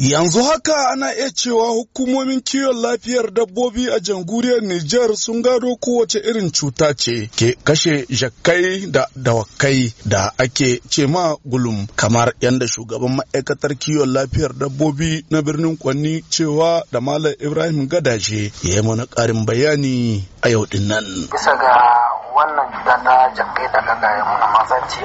Yanzu haka ana iya cewa hukumomin kiwon lafiyar dabbobi a jamhuriyar Nijar sun gado kowace irin cuta ce ke kashe jakkai da dawakai da ake ce ma gulum kamar yadda shugaban ma'aikatar kiwon lafiyar dabbobi na birnin Kwanni cewa da Malam Ibrahim Gadaje ya yi mana ƙarin bayani a yau din nan. ga wannan cuta ta jakkai da gagayen muna mazanci,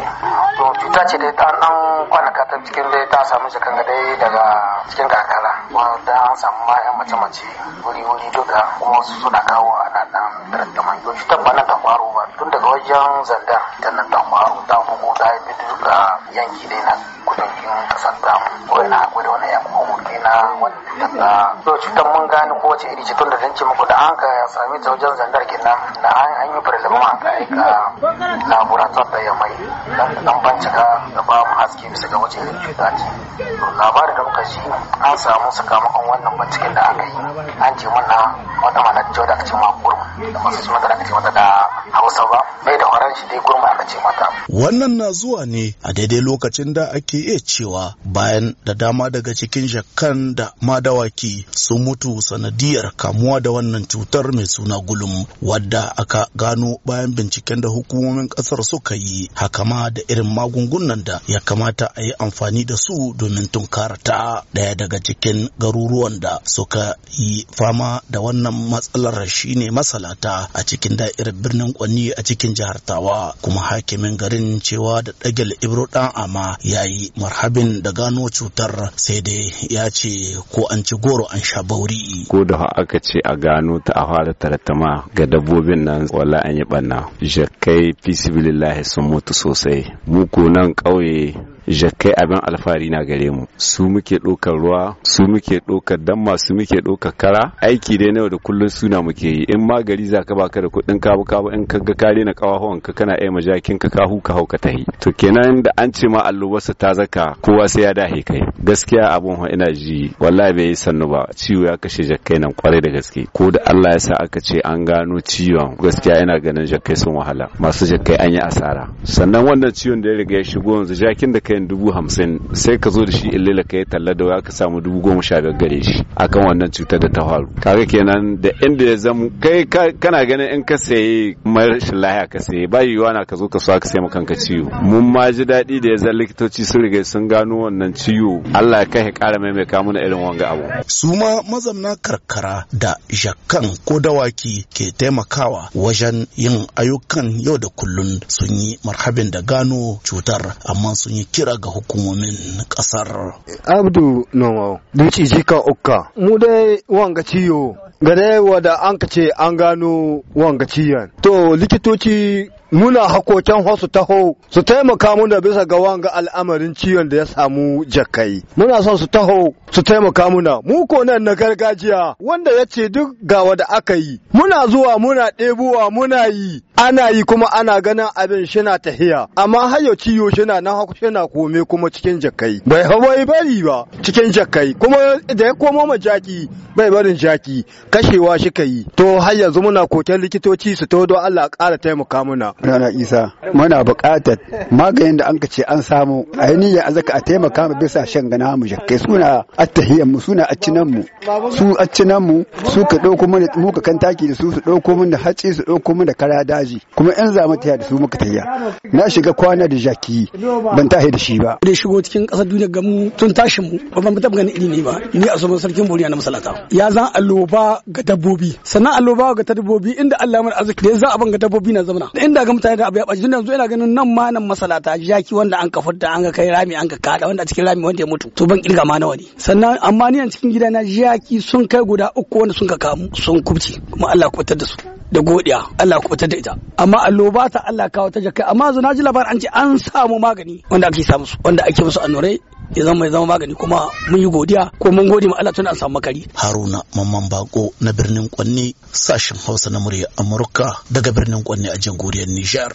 to cuta ce da ta ɗan kwanaka ta cikin dai ta samu jikan dai daga cikin kakara wanda an samu ma mace-mace wuri-wuri duka kuma su suna kawo ana dan tattaman yau shi tabba na takwaro ba tun daga wajen zanda ta nan takwaro ta bugu ta yi duka yanki dai na samu ko ina akwai da wani yan mahuki na wani cutar na so cutar mun gane ko wace iri ce tun da zan ce muku da an ka sami ta wajen zandar kenan na an yi firilima an ka aika laborator da ya mai dan dan bincika da ba mu haske bisa ga wace irin cuta ce labarin da muka ji an samu sakamakon wannan binciken da aka yi an ce mana wata mana da ce ma kurum da masu ce mata da aka ce mata da hausa ba bai da horon shi dai gurma aka ce mata wannan na zuwa ne a daidai lokacin da ake iya cewa bayan da dama daga cikin jakan da madawaki sun mutu sanadiyar kamuwa da wannan cutar mai suna gulum wadda aka gano bayan binciken da hukumomin kasar suka yi haka ma da irin magungunan da ya kamata a yi amfani da su domin tunkara ta daya daga cikin garuruwan da suka yi fama da wannan matsalar shine masalata a cikin irin birnin garin a cikin jihar Tawa kuma hakimin garin cewa da Dagel Ibro Dan Ama yayi marhabin da gano cutar sai dai ya ce ko an ci goro an sha bauri ko da aka ce a gano ta a fara tartama ga dabbobin nan wala an yi banna jakai fisibilillahi sun mutu sosai mu nan ƙauye jakai abin alfahari na gare mu su muke ɗaukar ruwa su muke ɗaukar damma su muke ɗaukar kara aiki dai na da kullum suna muke yi in ma gari za ka baka da kuɗin kabu kabu in ka ga ka daina ƙawahuwan ka kana aima jakin ka ka huka hauka ta yi to kenan da an ce ma allobarsa ta zaka kowa sai ya dahe kai gaskiya abun ina ji wallahi bai yi sannu ba ciwo ya kashe jakai nan kwarai da gaske ko da Allah ya sa aka ce an gano ciwon gaskiya ina ganin jakai sun wahala masu jakai an yi asara sannan wannan ciwon da ya riga ya shigo yanzu jakin da kai miliyan dubu hamsin sai ka zo da shi illila ka yi talla da waya ka samu dubu goma sha biyar gare shi akan wannan cutar da ta faru kaga kenan da inda ya zamu kai kana ganin in ka sayi marashin lahiya ka sayi ba yiwuwa na ka zo ka so ka sai kanka ciwo mun ma ji daɗi da ya zan likitoci sun riga sun gano wannan ciwo Allah ya kai ƙara mai mai kamuna irin wanga abu su ma mazamna karkara da jakan ko dawaki ke taimakawa wajen yin ayyukan yau da kullun sun yi marhabin da gano cutar amma sun yi kira kira ga hukumomin kasar. Abdu Nomo, Duci Jika Ukka, mu dai wanga ciyo, ga dai wada an ka ce an gano wanga ciyan. To likitoci muna hakokin wasu taho su taimaka muna bisa ga wanga al'amarin ciwon da ya samu jakai muna son su taho su taimaka muna mu ko nan na gargajiya wanda ya ce duk ga da aka yi muna zuwa muna ɗebowa muna yi ana yi kuma ana ganin abin shina tahiya amma hayo ciyo shina na haku shina kome kuma cikin jakai bai hawai bari ba cikin jakai kuma da ya komo ma jaki bai barin jaki kashewa shi ka yi to har yanzu muna koken likitoci su to don Allah ƙara taimaka muna Rana Isa muna buƙatar maganin da ka ce an samu a yi niyyar zaka a taimaka mu bisa shan gana mu jakkai suna attahiyan mu suna accinan mu su accinan mu su ka ɗauko mana mu ka kan taki da su su ɗauko mana hatsi su ɗauko mana kara daji kuma yan zama ta da su muka tahiya na shiga kwana da jaki ban tahi da shi ba da shigo cikin ƙasar duniya ga mu tun tashin mu ba ban taɓa ganin ilimi ba ni a saman sarkin buriya na masalata ya zan alloba ga dabbobi sannan alloba ga dabbobi inda Allah ya mana arziki da ya za a ban ga dabbobi na zamana inda ga mutane da abu ya ɓaci tunda yanzu ina ganin nan ma nan masalata jaki wanda an ka da an ga kai rami an ga kada wanda a cikin rami wanda ya mutu to ban kirga ma nawa ne sannan amma ni a cikin gida na jaki sun kai guda uku wanda sun ka kamu sun kubce kuma Allah kubutar da su da godiya Allah kubutar da ita amma alloba ta Allah kawo ta jaka amma yanzu na ji labarin an ce an samu magani wanda ake samu wanda ake musu annurai ya zama ya zama magani kuma mun yi godiya ko mun gode ma Allah tun an samu makari Haruna Mamman Bako na birnin Kwanne sashen Hausa na murya Amurka daga birnin Kwanne a jamhuriyar Nijar